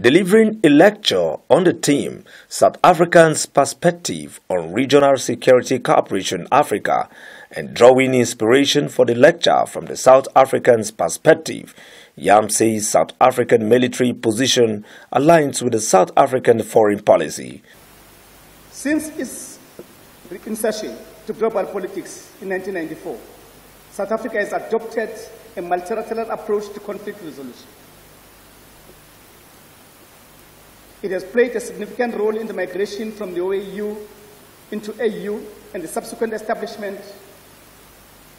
delivering a lecture on the theme South Africans' Perspective on Regional Security Cooperation Africa and drawing inspiration for the lecture from the South African's perspective. Yam says South African military position aligns with the South African foreign policy. Since its insertion to global politics in 1994, South Africa has adopted a multilateral approach to conflict resolution It has played a significant role in the migration from the OAU into AU and the subsequent establishment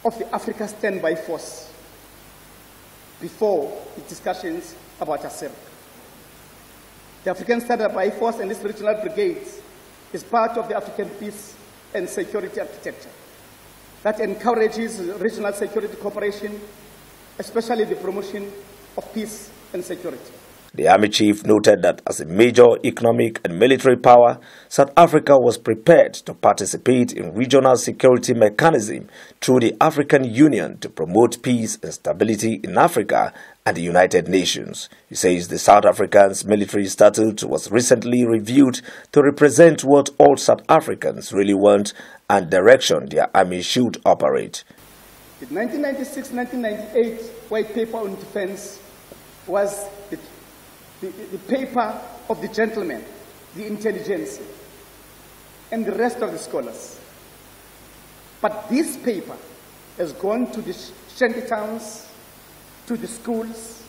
of the Africa Standby Force before the discussions about ASEP. The African Standby Force and its regional brigades is part of the African peace and security architecture that encourages regional security cooperation, especially the promotion of peace and security. The army chief noted that as a major economic and military power, South Africa was prepared to participate in regional security mechanism through the African Union to promote peace and stability in Africa and the United Nations. He says the South African's military statute was recently reviewed to represent what all South Africans really want and direction their army should operate. The 1996-1998 White Paper on Defense was the, the, paper of the gentleman, the intelligentsia, and the rest of the scholars. But this paper has gone to the shanty towns, to the schools,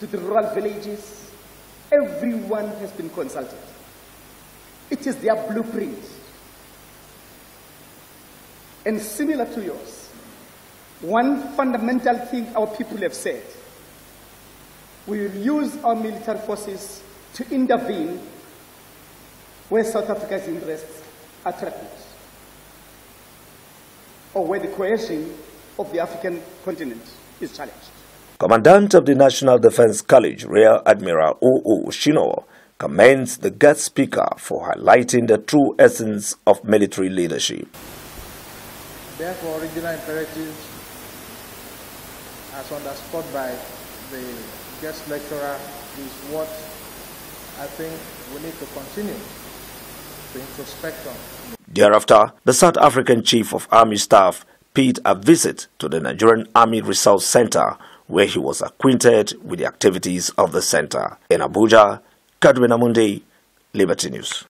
to the rural villages. Everyone has been consulted. It is their blueprint. And similar to yours, one fundamental thing our people have said we will use our military forces to intervene where South Africa's interests are threatened or where the cohesion of the African continent is challenged. Commandant of the National Defense College, Rear Admiral O.O. Shino, commends the guest speaker for highlighting the true essence of military leadership. Therefore, original imperatives as underscored by the guest lecturer is what I think we need to continue to introspect on. Thereafter, the South African Chief of Army Staff paid a visit to the Nigerian Army Resource Center where he was acquainted with the activities of the center. In Abuja, Kadwina Mundi, Liberty News.